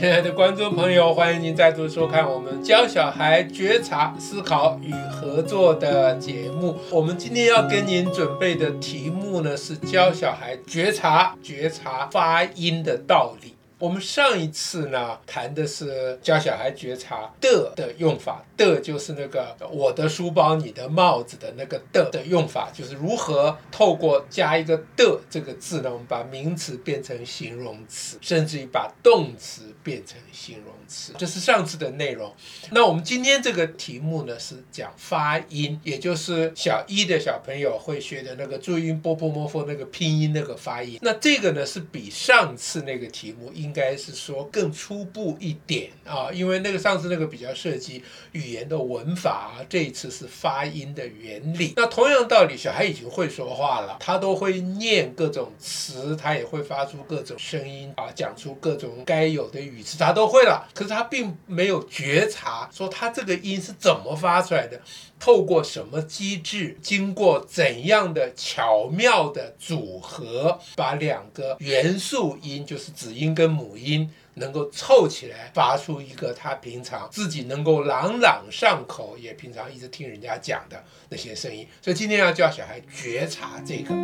親愛的觀眾朋友，歡迎您再度收看我們教小孩覺察、思考與合作的節目。我們今天要跟您準備的題目呢，是教小孩覺察、覺察發音的道理。我們上一次呢，談的是教小孩覺察的的用法，的就是那個我的書包、你的帽子的那個的的用法，就是如何透過加一個的這個字呢，我們把名詞變成形容詞，甚至於把動詞變成形容詞，這是上次的內容。那我們今天這個題目呢是講發音，也就是小一的小朋友會學的那個注音波波摸佛那個拼音那個發音。那這個呢是比上次那個題目應應該是說更初步一點啊，因為那個上次那個比較涉及語言的文法啊，這一次是發音的原理。那同樣道理，小孩已經會說話了，他都會念各種詞，他也會發出各種聲音啊，講出各種該有的語詞，他都會了。可是他並沒有覺察，說他這個音是怎麼發出來的。透過什麼機制，經過怎樣的巧妙的組合，把兩個元素音，就是子音跟母音，能夠湊起來發出一個他平常自己能夠朗朗上口，也平常一直聽人家講的那些聲音。所以今天要教小孩覺察這個。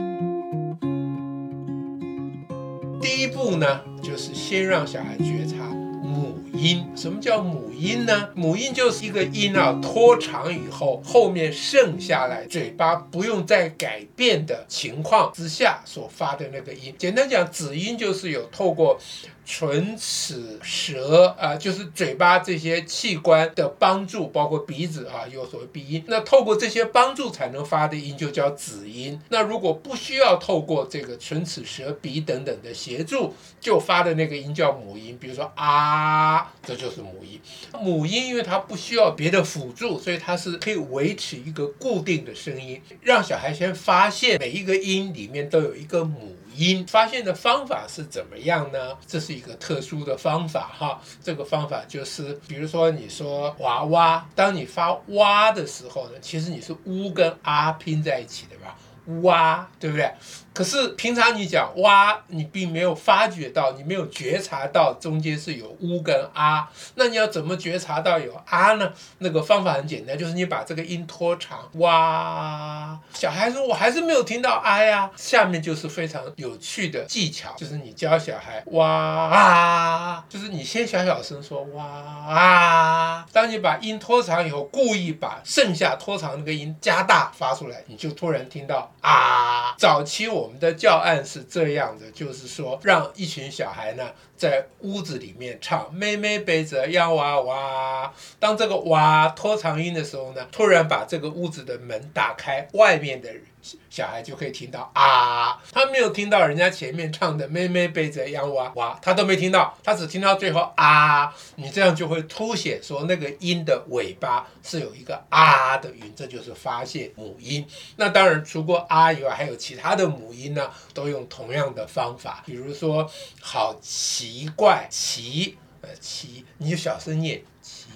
第一步呢，就是先讓小孩覺察。母音，什麼叫母音呢？母音就是一個音啊，拖長以後，後面剩下來，嘴巴不用再改變的情況之下所發的那個音。簡單講，子音就是有透過。唇齒舌啊，就是嘴巴這些器官的幫助，包括鼻子啊，有所謂鼻音。那透過這些幫助才能發的音，就叫子音。那如果不需要透過這個唇齒舌鼻等等的協助，就發的那個音叫母音。比如說啊，這就是母音。母音因為它不需要別的輔助，所以它是可以維持一個固定的聲音，讓小孩先發現每一個音裡面都有一個母，音發現的方法是怎麼樣呢？這是一個特殊的方法哈，這個方法就是，比如說你說“娃娃”，當你發“哇”的時候呢，其實你是“嗚”跟“啊”拼在一起的吧，“哇”，對不對？可是平常你講哇，你並沒有發覺到，你沒有覺察到中間是有嗚跟啊。那你要怎麼覺察到有啊呢？那個方法很簡單，就是你把這個音拖長哇。小孩說，我還是沒有聽到啊呀。下面就是非常有趣的技巧，就是你教小孩哇啊，就是你先小小聲說哇啊，當你把音拖長以後，故意把剩下拖長那個音加大發出來，你就突然聽到啊。早期我。我們的教案是這樣的，就是說，讓一群小孩呢在屋子裡面唱《妹妹背着洋娃娃》，當這個“娃”拖長音的時候呢，突然把這個屋子的門打開，外面的人。小孩就可以聽到啊，他沒有聽到人家前面唱的妹妹背着洋娃娃，他都沒聽到，他只聽到最後啊。你這樣就會凸顯說，那個音的尾巴是有一個啊的音，這就是發現母音。那當然，除過啊以外，還有其他的母音呢，都用同樣的方法。比如說，好奇怪，奇、呃、奇，你就小聲念。奇。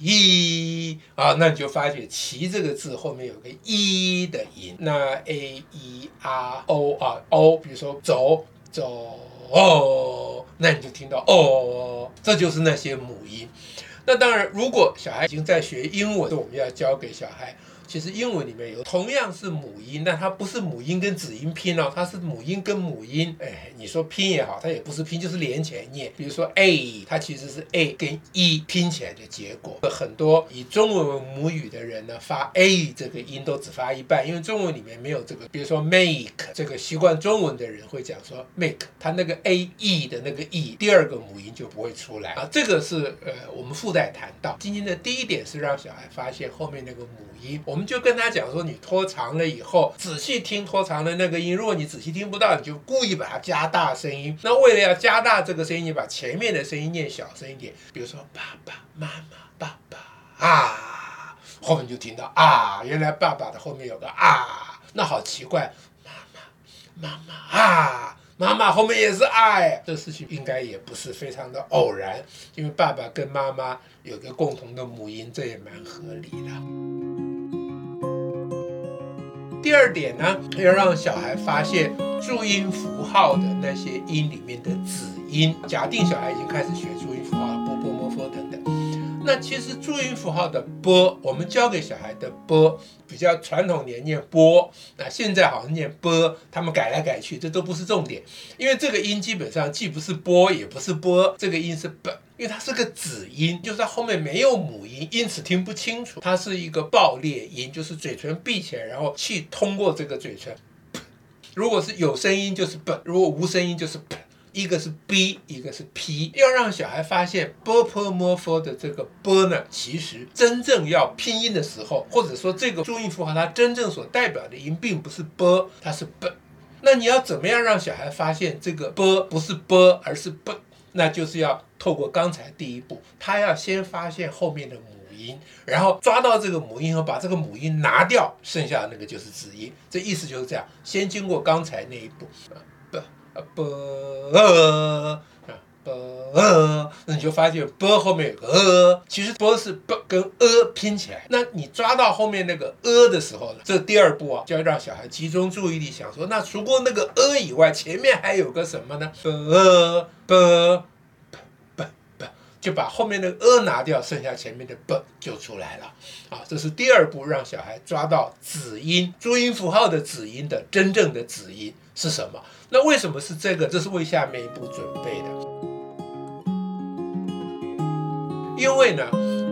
一、啊、e，那你就發覺「其」這個字後面有個“一”的音，那 a e r o 啊、哦、哦，哦，比如說走、走、走哦，那你就聽到哦，這就是那些母音。那當然，如果小孩已經在學英文，我們要教給小孩。其實英文裡面有同樣是母音，那它不是母音跟子音拼哦，它是母音跟母音。哎，你說拼也好，它也不是拼，就是連起來念。比如說 a，它其實是 a 跟 e 拼起來的結果。很多以中文為母語的人呢，發 a 這個音都只發一半，因為中文裡面沒有這個。比如說 make，這個習慣中文的人會講說 make，他那個 a e 的那個 e，第二個母音就不會出來啊。這個是呃，我們附帶談到。今天的第一點是讓小孩發現後面那個母音，我們。我們就跟他講說，你拖長了以後，仔細聽拖長的那個音。如果你仔細聽不到，你就故意把它加大聲音。那為了要加大這個聲音，你把前面的聲音念小聲一點。比如說，爸爸媽媽，爸爸啊，後面就聽到啊，原來爸爸的後面有個啊，那好奇怪。媽媽，媽媽啊，媽媽後面也是啊，這事情應該也不是非常的偶然，因為爸爸跟媽媽有個共同的母音，這也蠻合理的。第二點呢，要讓小孩發現注音符號的那些音裡面的子音。假定小孩已經開始學注音符號了，波波摩、佛等等。那其實注音符號的“波”，我們教給小孩的播“波比較傳統年念“波”，那現在好像念“波”，他們改來改去，這都不是重點。因為這個音基本上既不是“波”也不是“波”，這個音是“本”。因為它是個子音，就是在後面沒有母音，因此聽不清楚。它是一個爆裂音，就是嘴唇閉起來，然後氣通過這個嘴唇。如果是有聲音，就是 p；如果無聲音，就是 b, 一個是 b，一個是 p。要讓小孩發現 “bpmf” 的這個 b 呢？其實真正要拼音的時候，或者說這個注音符號它真正所代表的音，並不是 b，它是 b。那你要怎麼樣讓小孩發現這個 b 不是 b，而是 b？那就是要透過剛才第一步，他要先發現後面的母音，然後抓到這個母音後，把這個母音拿掉，剩下那個就是子音。這意思就是這樣，先經過剛才那一步，不，不，呃。呃呃呃呃 b、呃、那你就發現 b 後面有個 e、呃、其實 b 是 b 跟 e、呃、拼起來。那你抓到後面那個 e、呃、的時候呢？這第二步啊，就要讓小孩集中注意力，想說，那除過那個 e、呃、以外，前面還有個什麼呢？b b b b，就把後面那個 e、呃、拿掉，剩下前面的 b、呃、就出來了。啊，這是第二步，讓小孩抓到子音，注音符號的子音的真正的子音是什麼？那為什麼是這個？這是為下面一步準備的。因為呢，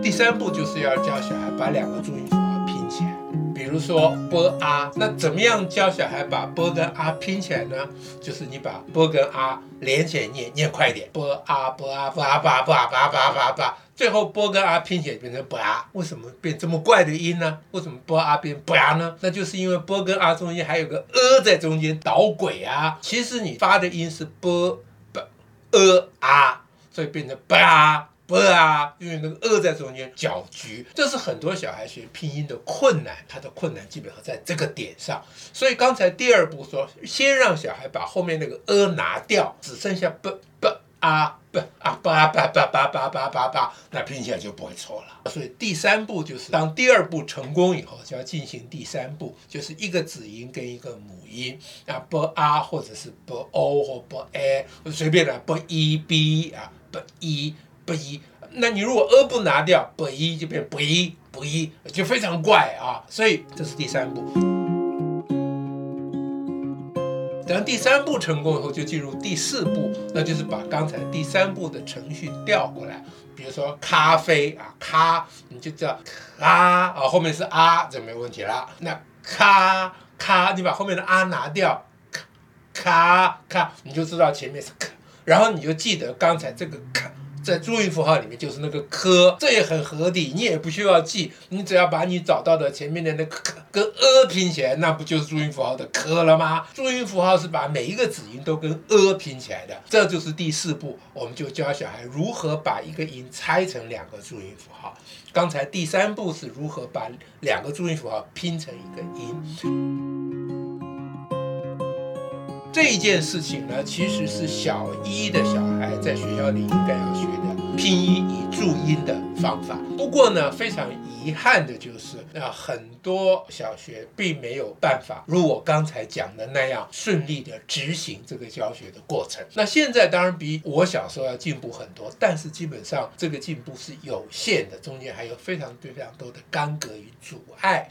第三步就是要教小孩把兩個注音符號拼起來。比如說波啊，那怎麼樣教小孩把波跟啊拼起來呢？就是你把波跟啊連起來念，念快點波啊，波啊，波啊，波啊，波啊，波啊，波啊，最後波跟啊拼起來變成波啊。為什麼變這麼怪的音呢？為什麼波啊變吧呢？那就是因為波跟啊中間還有個呃，在中間搗鬼啊。其實你發的音是波，波呃，啊，所以變成波啊。不啊，因為那個 “e” 在中間攪局，這是很多小孩學拼音的困難。他的困難基本上在這個點上，所以剛才第二步說，先讓小孩把後面那個 “e” 拿掉，只剩下 “b b a b a b a b a b a b a”，那拼起來就不會錯了。所以第三步就是，當第二步成功以後，就要進行第三步，就是一個子音跟一個母音啊，b a、啊、或者是 b o、哦、或 b i，我隨便的 b i b 啊，b i。不一，那你如果啊不拿掉，不一就變不一，不一就非常怪啊！所以這是第三步。等第三步成功以後，就進入第四步，那就是把剛才第三步的程序調過來。比如說咖啡啊，咖，你就叫咖啊，後面是啊，就沒問題了。那咖咖，你把後面的啊拿掉，咖咖咖，咖，你就知道前面是咖，然後你就記得剛才這個咖。在注音符號裡面就是那個「科」，這也很合理。你也不需要記，你只要把你找到的前面的那個「科」跟「呃」拼起來，那不就是注音符號的「科」了嗎？注音符號是把每一個子音都跟「呃」拼起來的，這就是第四步，我們就教小孩如何把一個音拆成兩個注音符號。剛才第三步是如何把兩個注音符號拼成一個音。這件事情呢，其實是小一的小孩在學校裡應該要學的，拼音與注音的方法，不過呢，非常遺憾的就是，那很多小學並沒有辦法如我剛才講的那樣順利的執行這個教學的過程。那現在當然比我小時候要進步很多，但是基本上這個進步是有限的，中間還有非常非常多的干戈與阻礙。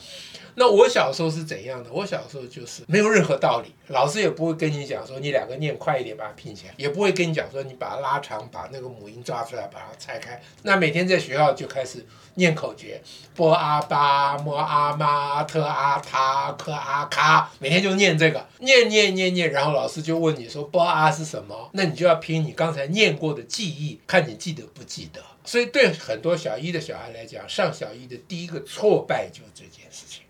那我小時候是怎樣的？我小時候就是沒有任何道理，老師也不會跟你講說你兩個念快一點把它拼起來，也不會跟你講說你把它拉長，把那個母音抓出來吧。然後拆開，那每天在學校就開始念口訣：ㄅㄚ 巴，ㄇㄚ 媽，ㄊㄚ 他，ㄎㄚ 卡，每天就念這個，念念念念，然後老師就問你說「ㄅㄚ」是什麼？那你就要憑你剛才念過的記憶，看你記得不記得。所以對很多小一的小孩來講，上小一的第一個挫敗就是這件事情。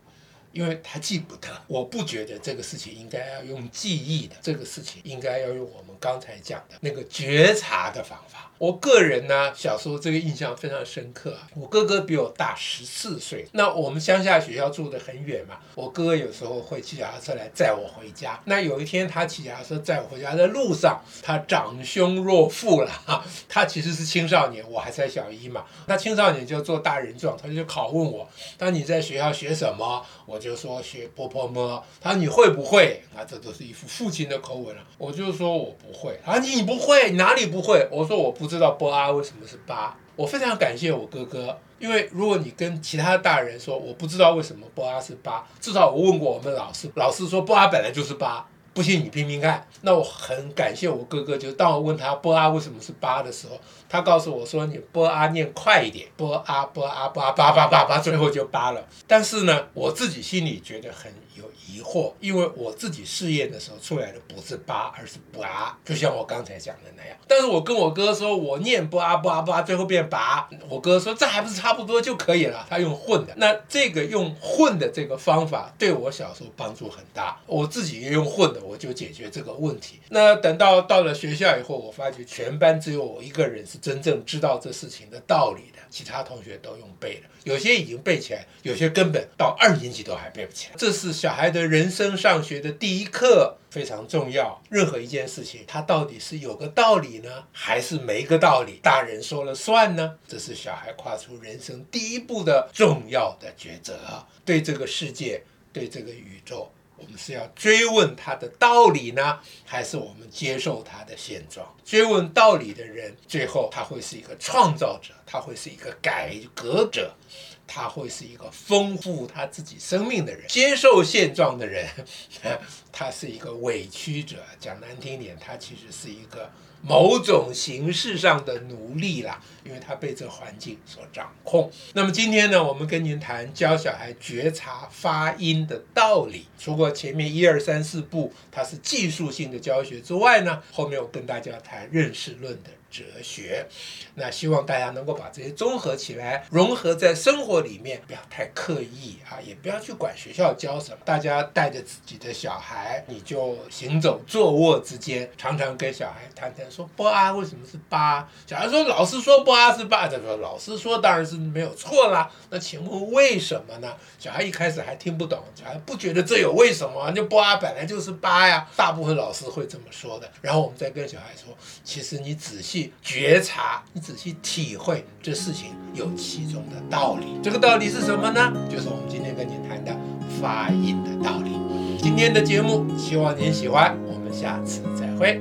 因為他記不得，我不覺得這個事情應該要用記憶的，這個事情應該要用我們剛才講的那個覺察的方法。我個人呢，小時候這個印象非常深刻啊。我哥哥比我大十四歲，那我們鄉下學校住得很遠嘛，我哥哥有時候會騎腳踏車來載我回家。那有一天他騎腳踏車載我回家的路上，他長兄若父了，他其實是青少年，我還才小一嘛，那青少年就做大人狀，他就拷問我：當你在學校學什麼？我。我就說學波、潑、摸。他說，你會不會？啊，這都是一副父親的口吻了、啊。我就說我不會。啊，你不會，你哪裡不會？我說我不知道波阿為什麼是八。我非常感謝我哥哥，因為如果你跟其他大人說我不知道為什麼波阿是八，至少我問過我們老師，老師說波阿本來就是八，不信你拼拼看。那我很感謝我哥哥，就是當我問他波阿為什麼是八的時候。他告訴我說：“你撥阿、啊、念快一點，撥阿撥阿撥阿八八八八，最後就八了。”但是呢，我自己心裡覺得很有疑惑，因為我自己試驗的時候出來的不是八，而是不阿，就像我剛才講的那樣。但是我跟我哥說：“我念不阿不阿不阿，最後變八。”我哥說：“這還不是差不多就可以了？”他用混的，那這個用混的這個方法對我小時候幫助很大。我自己也用混的，我就解決這個問題。那等到到了學校以後，我發覺全班只有我一個人是真正知道這事情的道理的，其他同學都用背了。有些已經背起來，有些根本到二年級都還背不起來。這是小孩的人生上學的第一課，非常重要。任何一件事情，它到底是有個道理呢，還是沒個道理？大人說了算呢？這是小孩跨出人生第一步的重要的抉擇。對這個世界，對這個宇宙。我們是要追問他的道理呢，還是我們接受他的現狀？追問道理的人，最後他會是一個創造者，他會是一個改革者。他會是一個豐富他自己生命的人，接受現狀的人，他是一個委屈者。講難聽點，他其實是一個某種形式上的奴隸啦，因為他被這個環境所掌控。那麼今天呢，我們跟您談教小孩覺察發音的道理。除過前面一二三四步，它是技術性的教學之外呢，後面我跟大家談認識論的。哲學，那希望大家能夠把這些綜合起來，融合在生活裡面，不要太刻意啊，也不要去管學校教什麼。大家帶着自己的小孩，你就行走坐臥之間，常常跟小孩談談說波啊為什麼是八？小孩說老師說波啊是八，就說老師說當然是沒有錯啦。那請問為什麼呢？小孩一開始還聽不懂，小孩不覺得這有為什麼，那波啊本來就是八呀，大部分老師會這麼說的。然後我們再跟小孩說，其實你仔細。去覺察，你仔細體會這事情，有其中的道理。這個道理是什麼呢？就是我們今天跟您談的發音的道理。今天的節目希望您喜歡，我們下次再會。